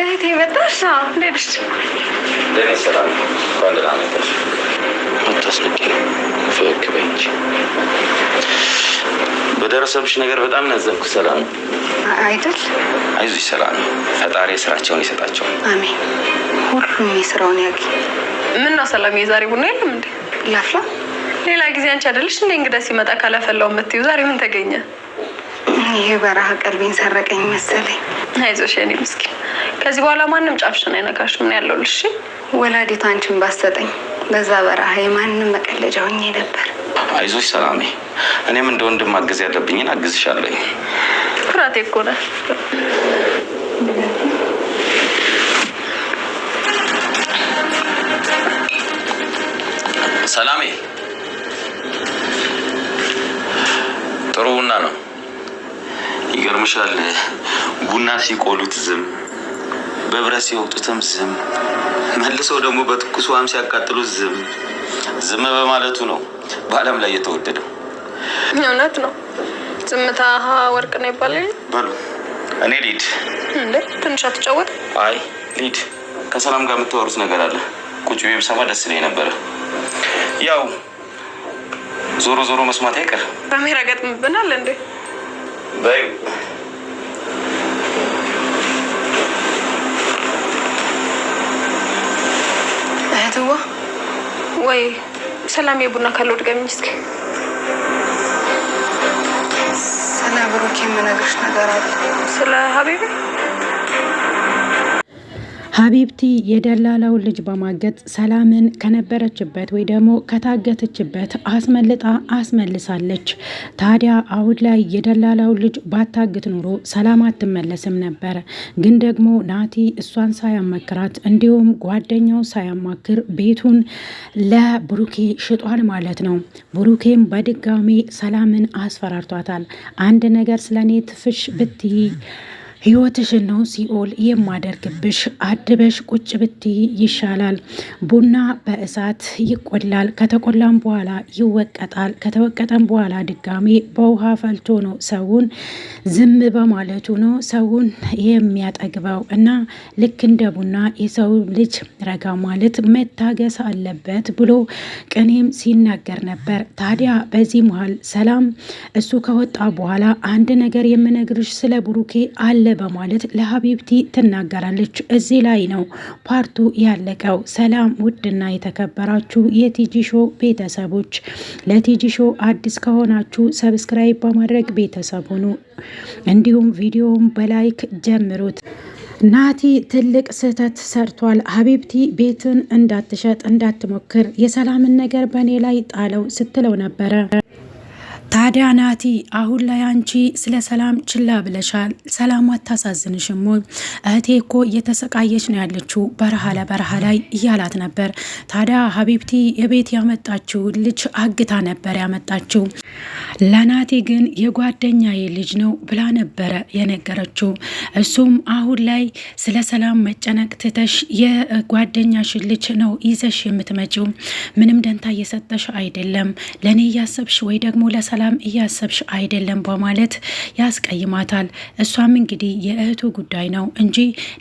እህቴ መጣሽ? እንዴት ነሽ? በደረሰብሽ ነገር በጣም ናዘንኩ። ሰላም አይደል? አይዞሽ ሰላም። ፈጣሪ ስራቸውን ይሰጣቸው። አሜን። ሁሉም የስራውን ያግኝ። ምን ሰላም፣ የዛሬ ቡና የለም እንዴ? ላፍላ። ሌላ ጊዜ አንቺ አይደለሽ እንደ እንግዳ ሲመጣ ካላፈላው የምትይው፣ ዛሬ ምን ተገኘ? ይህ በረሃ ቀልቤን ሰረቀኝ መሰለኝ። አይዞሽ የኔ ምስኪን ከዚህ በኋላ ማንም ጫፍሽን አይነካሽም ምን ያለው። ልሽ ወላዲት አንቺን ባሰጠኝ በዛ በረሃ የማንም መቀለጃ ሆኜ ነበር። አይዞሽ ሰላሜ፣ እኔም እንደ ወንድም ማገዝ ያለብኝን አግዝሻለሁ። ኩራቴ እኮ ነው። ሰላሜ ጥሩ ቡና ነው። ይገርምሻል ቡና ሲቆሉት ዝም በብረት ሲወቅጡትም ዝም፣ መልሰው ደግሞ በትኩስ ውሃም ሲያቃጥሉት ዝም። ዝም በማለቱ ነው በዓለም ላይ የተወደደው። እውነት ነው። ዝምታ ወርቅ ነው ይባላል። በሉ እኔ ሊድ እንደ ትንሽ አትጫወት። አይ ሊድ ከሰላም ጋር የምታወሩት ነገር አለ። ቁጭ ሰማ ደስ ይለኝ ነበረ። ያው ዞሮ ዞሮ መስማት አይቀር። በሜራ ገጥምብናል እንዴ በይ ሰላም የቡና ካለው ድጋሚኝ እስኪ። ስለ ብሩክ የምነግርሽ ነገር አለ። ስለ ሀቢቤ ሀቢብቲ የደላላውን ልጅ በማገጥ ሰላምን ከነበረችበት ወይ ደግሞ ከታገተችበት አስመልጣ አስመልሳለች። ታዲያ አሁን ላይ የደላላውን ልጅ ባታግት ኑሮ ሰላም አትመለስም ነበር። ግን ደግሞ ናቲ እሷን ሳያመክራት እንዲሁም ጓደኛው ሳያማክር ቤቱን ለብሩኬ ሽጧል ማለት ነው። ብሩኬም በድጋሜ ሰላምን አስፈራርቷታል። አንድ ነገር ስለኔ ትፍሽ ብትይ ህይወትሽን ነው ሲኦል የማደርግብሽ፣ አድበሽ ቁጭ ብትይ ይሻላል። ቡና በእሳት ይቆላል፣ ከተቆላም በኋላ ይወቀጣል። ከተወቀጠም በኋላ ድጋሜ በውሃ ፈልቶ ነው ሰውን ዝም በማለቱ ነው ሰውን የሚያጠግበው። እና ልክ እንደ ቡና የሰው ልጅ ረጋ ማለት መታገስ አለበት ብሎ ቅኔም ሲናገር ነበር። ታዲያ በዚህ መሀል ሰላም እሱ ከወጣ በኋላ አንድ ነገር የምነግርሽ ስለ ብሩኬ አለ በማለት ለሀቢብቲ ትናገራለች። እዚህ ላይ ነው ፓርቱ ያለቀው። ሰላም ውድና የተከበራችሁ የቲጂ ቤተሰቦች፣ ለቲጂ አዲስ ከሆናችሁ ሰብስክራይብ በማድረግ ቤተሰብ ሁኑ። እንዲሁም ቪዲዮውን በላይክ ጀምሩት። ናቲ ትልቅ ስህተት ሰርቷል። ሀቢብቲ ቤትን እንዳትሸጥ እንዳትሞክር የሰላምን ነገር በእኔ ላይ ጣለው ስትለው ነበረ። ታዲያ ናቲ አሁን ላይ አንቺ ስለ ሰላም ችላ ብለሻል። ሰላም አታሳዝንሽም ወይ? እህቴ እኮ እየተሰቃየች ነው ያለችው በረሃ ለበረሃ ላይ እያላት ነበር። ታዲያ ሀቢብቲ የቤት ያመጣችው ልጅ አግታ ነበር ያመጣችው። ለናቲ ግን የጓደኛዬ ልጅ ነው ብላ ነበረ የነገረችው። እሱም አሁን ላይ ስለ ሰላም መጨነቅ ትተሽ የጓደኛሽን ልጅ ነው ይዘሽ የምትመጪው፣ ምንም ደንታ እየሰጠሽ አይደለም ለእኔ እያሰብሽ ወይ ደግሞ ሰላም እያሰብሽ አይደለም በማለት ያስቀይማታል። እሷም እንግዲህ የእህቱ ጉዳይ ነው እንጂ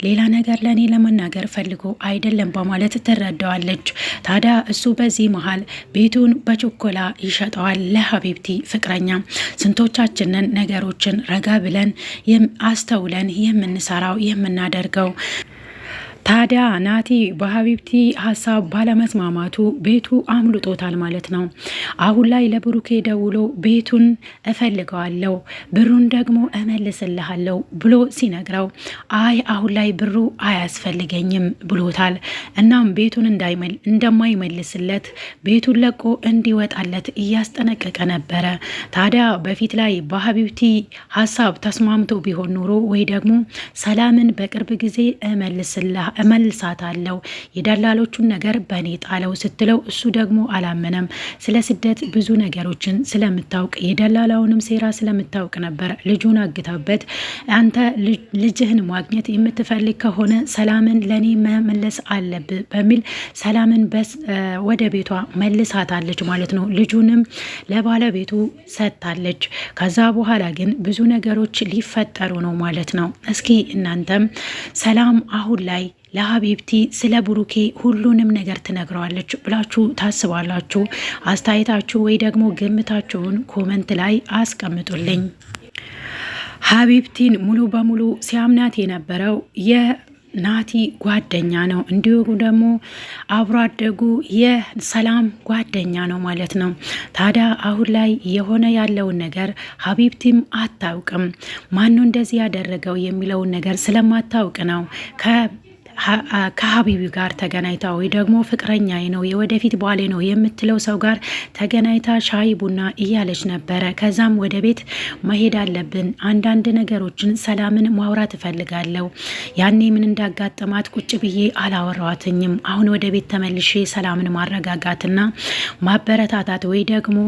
ሌላ ነገር ለእኔ ለመናገር ፈልጎ አይደለም በማለት ትረዳዋለች። ታዲያ እሱ በዚህ መሀል ቤቱን በችኮላ ይሸጠዋል ለሀቢብቲ ፍቅረኛ። ስንቶቻችንን ነገሮችን ረጋ ብለን አስተውለን የምንሰራው የምናደርገው ታዲያ ናቲ በሀቢብቲ ሀሳብ ባለመስማማቱ ቤቱ አምልጦታል ማለት ነው። አሁን ላይ ለብሩኬ ደውሎ ቤቱን እፈልገዋለሁ፣ ብሩን ደግሞ እመልስልሃለሁ ብሎ ሲነግረው አይ አሁን ላይ ብሩ አያስፈልገኝም ብሎታል። እናም ቤቱን እንደማይመልስለት ቤቱን ለቆ እንዲወጣለት እያስጠነቀቀ ነበረ። ታዲያ በፊት ላይ በሀቢብቲ ሀሳብ ተስማምቶ ቢሆን ኖሮ ወይ ደግሞ ሰላምን በቅርብ ጊዜ እመልስልህ እመልሳታለሁ፣ የደላሎቹን ነገር በእኔ ጣለው ስትለው እሱ ደግሞ አላመነም። ስለ ስደት ብዙ ነገሮችን ስለምታውቅ የደላላውንም ሴራ ስለምታውቅ ነበር ልጁን አግታበት አንተ ልጅህን ማግኘት የምትፈልግ ከሆነ ሰላምን ለእኔ መመለስ አለብ በሚል ሰላምን ወደ ቤቷ መልሳታለች ማለት ነው። ልጁንም ለባለቤቱ ሰጥታለች። ከዛ በኋላ ግን ብዙ ነገሮች ሊፈጠሩ ነው ማለት ነው። እስኪ እናንተም ሰላም አሁን ላይ ለሀቢብቲ ስለ ብሩኬ ሁሉንም ነገር ትነግረዋለች ብላችሁ ታስባላችሁ? አስተያየታችሁ ወይ ደግሞ ግምታችሁን ኮመንት ላይ አስቀምጡልኝ። ሀቢብቲን ሙሉ በሙሉ ሲያምናት የነበረው የናቲ ጓደኛ ነው፣ እንዲሁ ደግሞ አብሮ አደጉ የሰላም ጓደኛ ነው ማለት ነው። ታዲያ አሁን ላይ የሆነ ያለውን ነገር ሀቢብቲም አታውቅም። ማነው እንደዚህ ያደረገው የሚለውን ነገር ስለማታውቅ ነው ከሀቢቢ ጋር ተገናኝታ ወይ ደግሞ ፍቅረኛ ነው የወደፊት ባሌ ነው የምትለው ሰው ጋር ተገናኝታ ሻይ ቡና እያለች ነበረ። ከዛም ወደ ቤት መሄድ አለብን፣ አንዳንድ ነገሮችን ሰላምን ማውራት እፈልጋለሁ። ያኔ ምን እንዳጋጠማት ቁጭ ብዬ አላወራዋትኝም። አሁን ወደ ቤት ተመልሼ ሰላምን ማረጋጋትና ማበረታታት ወይ ደግሞ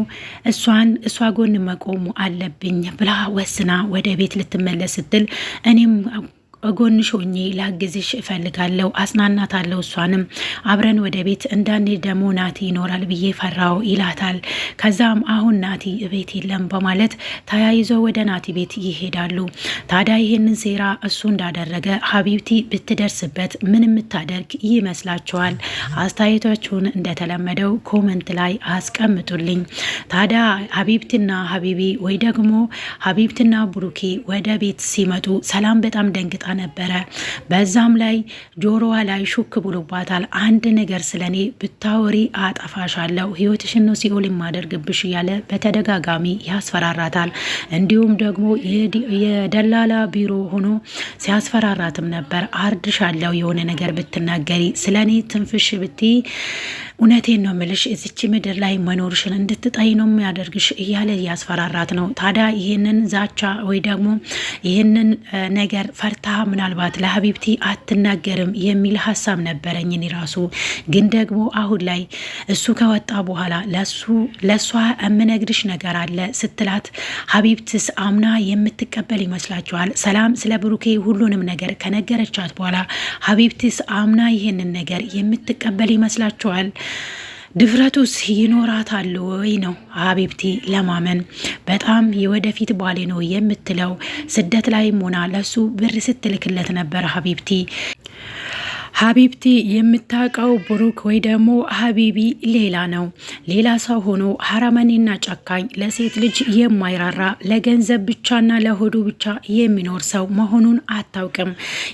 እሷን እሷ ጎን መቆሙ አለብኝ ብላ ወስና ወደ ቤት ልትመለስ ስትል እኔም እጎንሽ ሆኜ ላግዝሽ እፈልጋለሁ፣ አጽናናታለሁ። እሷንም አብረን ወደ ቤት እንዳንሄድ ደግሞ ናቲ ይኖራል ብዬ ፈራው ይላታል። ከዛም አሁን ናቲ ቤት የለም በማለት ተያይዞ ወደ ናቲ ቤት ይሄዳሉ። ታዲያ ይህንን ሴራ እሱ እንዳደረገ ሀቢብቲ ብትደርስበት ምን የምታደርግ ይመስላችኋል? አስተያየቶችን እንደተለመደው ኮመንት ላይ አስቀምጡልኝ። ታዲያ ሀቢብትና ሀቢቢ ወይ ደግሞ ሀቢብትና ብሩኬ ወደ ቤት ሲመጡ ሰላም በጣም ደንግጣ ነበረ። በዛም ላይ ጆሮዋ ላይ ሹክ ብሎባታል። አንድ ነገር ስለኔ ብታወሪ አጠፋሻለሁ፣ ህይወትሽን ነው ሲኦል የማደርግብሽ እያለ በተደጋጋሚ ያስፈራራታል። እንዲሁም ደግሞ የደላላ ቢሮ ሆኖ ሲያስፈራራትም ነበር። አርድሻለሁ የሆነ ነገር ብትናገሪ ስለኔ ትንፍሽ ብትይ እውነቴን ነው ምልሽ እዚች ምድር ላይ መኖርሽን እንድትጠይ ነው የሚያደርግሽ እያለ ያስፈራራት ነው። ታዲያ ይህንን ዛቻ ወይ ደግሞ ይህንን ነገር ፈርታ ምናልባት ለሀቢብቲ አትናገርም የሚል ሀሳብ ነበረኝ እኔ ራሱ። ግን ደግሞ አሁን ላይ እሱ ከወጣ በኋላ ለእሷ የምነግርሽ ነገር አለ ስትላት ሀቢብትስ አምና የምትቀበል ይመስላችኋል? ሰላም ስለ ብሩኬ ሁሉንም ነገር ከነገረቻት በኋላ ሀቢብትስ አምና ይህንን ነገር የምትቀበል ይመስላችኋል? ድፍረቱስ ይኖራታል ወይ ነው ሀቢብቲ ለማመን በጣም የወደፊት ባሌ ነው የምትለው። ስደት ላይም ሆና ለሱ ብር ስትልክለት ነበር ሀቢብቲ ሀቢብቲ የምታውቀው ብሩክ ወይ ደግሞ ሀቢቢ ሌላ ነው። ሌላ ሰው ሆኖ አረመኔና ጨካኝ፣ ለሴት ልጅ የማይራራ ለገንዘብ ብቻና ለሆዱ ብቻ የሚኖር ሰው መሆኑን አታውቅም።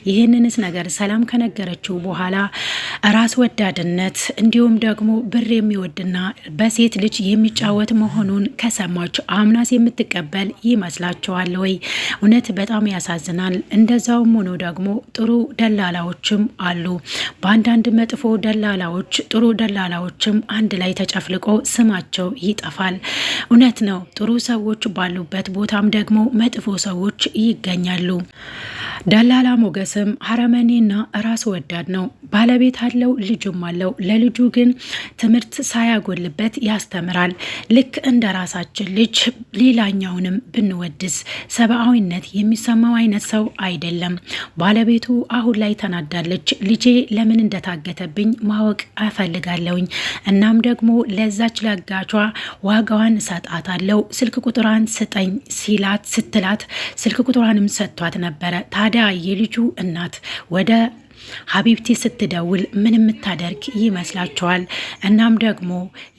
ይህንንስ ነገር ሰላም ከነገረችው በኋላ ራስ ወዳድነት እንዲሁም ደግሞ ብር የሚወድና በሴት ልጅ የሚጫወት መሆኑን ከሰማች አምናስ የምትቀበል ይመስላችኋል ወይ? እውነት በጣም ያሳዝናል። እንደዛውም ሆኖ ደግሞ ጥሩ ደላላዎችም አሉ። በአንዳንድ መጥፎ ደላላዎች ጥሩ ደላላዎችም አንድ ላይ ተጨፍልቆ ተደብቆ ስማቸው ይጠፋል። እውነት ነው። ጥሩ ሰዎች ባሉበት ቦታም ደግሞ መጥፎ ሰዎች ይገኛሉ። ደላላ ሞገስም አረመኔና ራስ ወዳድ ነው። ባለቤት አለው፣ ልጅም አለው። ለልጁ ግን ትምህርት ሳያጎልበት ያስተምራል። ልክ እንደ ራሳችን ልጅ ሌላኛውንም ብንወድስ ሰብአዊነት የሚሰማው አይነት ሰው አይደለም። ባለቤቱ አሁን ላይ ተናዳለች። ልጄ ለምን እንደታገተብኝ ማወቅ አፈልጋለሁኝ። እናም ደግሞ ለ ለዛች ለጋቿ ዋጋዋን እሰጣታለሁ ስልክ ቁጥሯን ስጠኝ ሲላት ስትላት ስልክ ቁጥሯንም ሰጥቷት ነበረ። ታዲያ የልጁ እናት ወደ ሀቢብቲ ስትደውል ምን የምታደርግ ይመስላችኋል? እናም ደግሞ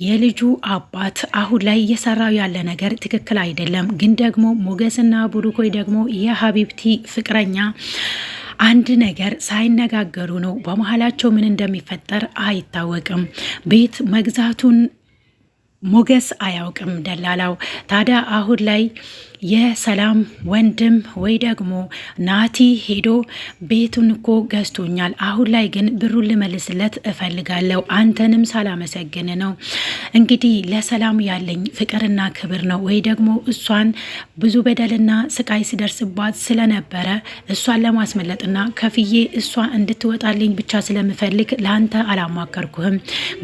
የልጁ አባት አሁን ላይ እየሰራው ያለ ነገር ትክክል አይደለም፣ ግን ደግሞ ሞገስና ቡሩኮይ ደግሞ የሀቢብቲ ፍቅረኛ አንድ ነገር ሳይነጋገሩ ነው። በመሀላቸው ምን እንደሚፈጠር አይታወቅም። ቤት መግዛቱን ሞገስ አያውቅም ደላላው። ታዲያ አሁን ላይ የሰላም ወንድም ወይ ደግሞ ናቲ ሄዶ ቤቱን እኮ ገዝቶኛል፣ አሁን ላይ ግን ብሩን ልመልስለት እፈልጋለሁ፣ አንተንም ሳላመሰግን ነው። እንግዲህ ለሰላም ያለኝ ፍቅርና ክብር ነው ወይ ደግሞ እሷን ብዙ በደልና ስቃይ ሲደርስባት ስለነበረ እሷን ለማስመለጥና ከፍዬ እሷ እንድትወጣልኝ ብቻ ስለምፈልግ ለአንተ አላማከርኩህም።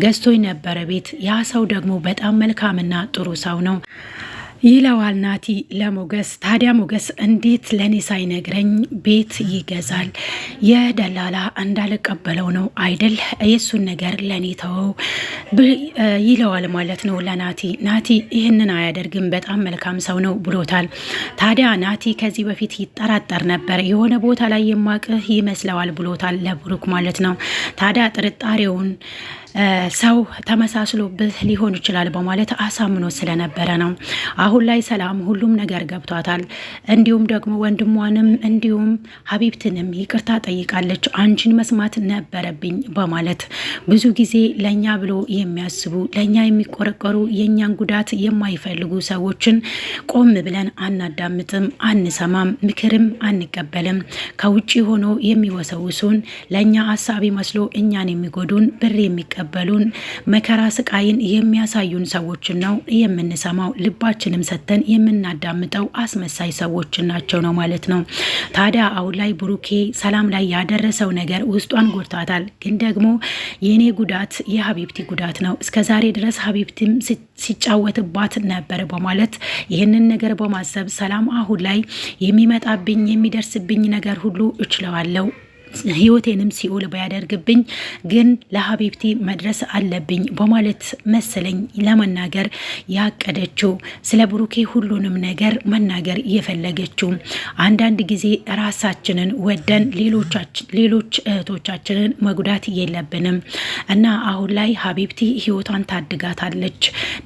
ገዝቶኝ ነበረ ቤት። ያ ሰው ደግሞ በጣም መልካምና ጥሩ ሰው ነው። ይለዋል ናቲ ለሞገስ። ታዲያ ሞገስ እንዴት ለእኔ ሳይነግረኝ ቤት ይገዛል? የደላላ እንዳልቀበለው ነው አይደል? የእሱን ነገር ለእኔ ተወው ይለዋል ማለት ነው ለናቲ። ናቲ ይህንን አያደርግም፣ በጣም መልካም ሰው ነው ብሎታል። ታዲያ ናቲ ከዚህ በፊት ይጠራጠር ነበር፣ የሆነ ቦታ ላይ የማቅህ ይመስለዋል ብሎታል ለብሩክ ማለት ነው። ታዲያ ጥርጣሬውን ሰው ተመሳስሎብህ ሊሆን ይችላል በማለት አሳምኖ ስለነበረ ነው። አሁን ላይ ሰላም ሁሉም ነገር ገብቷታል። እንዲሁም ደግሞ ወንድሟንም እንዲሁም ሀቢብትንም ይቅርታ ጠይቃለች። አንቺን መስማት ነበረብኝ በማለት ብዙ ጊዜ ለእኛ ብሎ የሚያስቡ ለእኛ የሚቆረቀሩ የእኛን ጉዳት የማይፈልጉ ሰዎችን ቆም ብለን አናዳምጥም፣ አንሰማም፣ ምክርም አንቀበልም። ከውጭ ሆኖ የሚወሰውሱን ለእኛ አሳቢ መስሎ እኛን የሚጎዱን ብር የሚቀ የሚቀበሉን መከራ ስቃይን የሚያሳዩን ሰዎችን ነው የምንሰማው። ልባችንም ሰተን የምናዳምጠው አስመሳይ ሰዎችን ናቸው ነው ማለት ነው። ታዲያ አሁን ላይ ብሩኬ ሰላም ላይ ያደረሰው ነገር ውስጧን ጎድታታል። ግን ደግሞ የእኔ ጉዳት የሀቢብቲ ጉዳት ነው እስከ ዛሬ ድረስ ሀቢብቲም ሲጫወትባት ነበር በማለት ይህንን ነገር በማሰብ ሰላም አሁን ላይ የሚመጣብኝ የሚደርስብኝ ነገር ሁሉ እችለዋለሁ ህይወቴንም ሲኦል ባያደርግብኝ ግን ለሀቢብቲ መድረስ አለብኝ በማለት መሰለኝ ለመናገር ያቀደችው ስለ ብሩኬ ሁሉንም ነገር መናገር እየፈለገችው። አንዳንድ ጊዜ ራሳችንን ወደን ሌሎች እህቶቻችንን መጉዳት የለብንም እና አሁን ላይ ሀቢብቲ ህይወቷን ታድጋታለች።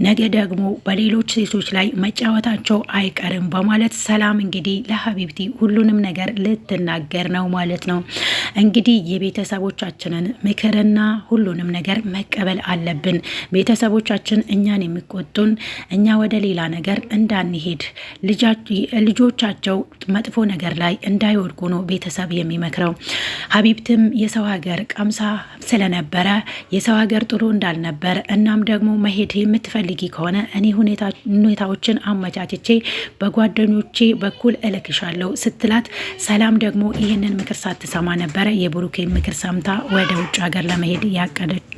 ነገ ደግሞ በሌሎች ሴቶች ላይ መጫወታቸው አይቀርም በማለት ሰላም እንግዲህ ለሀቢብቲ ሁሉንም ነገር ልትናገር ነው ማለት ነው። እንግዲህ የቤተሰቦቻችንን ምክርና ሁሉንም ነገር መቀበል አለብን። ቤተሰቦቻችን እኛን የሚቆጡን እኛ ወደ ሌላ ነገር እንዳንሄድ ልጆቻቸው መጥፎ ነገር ላይ እንዳይወድቁ ነው ቤተሰብ የሚመክረው። ሀቢብትም የሰው ሀገር ቀምሳ ስለነበረ የሰው ሀገር ጥሩ እንዳልነበር እናም ደግሞ መሄድ የምትፈልጊ ከሆነ እኔ ሁኔታዎችን አመቻችቼ በጓደኞቼ በኩል እልክሻለሁ ስትላት፣ ሰላም ደግሞ ይህንን ምክር ሳትሰማ ነበር ነበረ። የብሩኬን ምክር ሰምታ ወደ ውጭ ሀገር ለመሄድ ያቀደች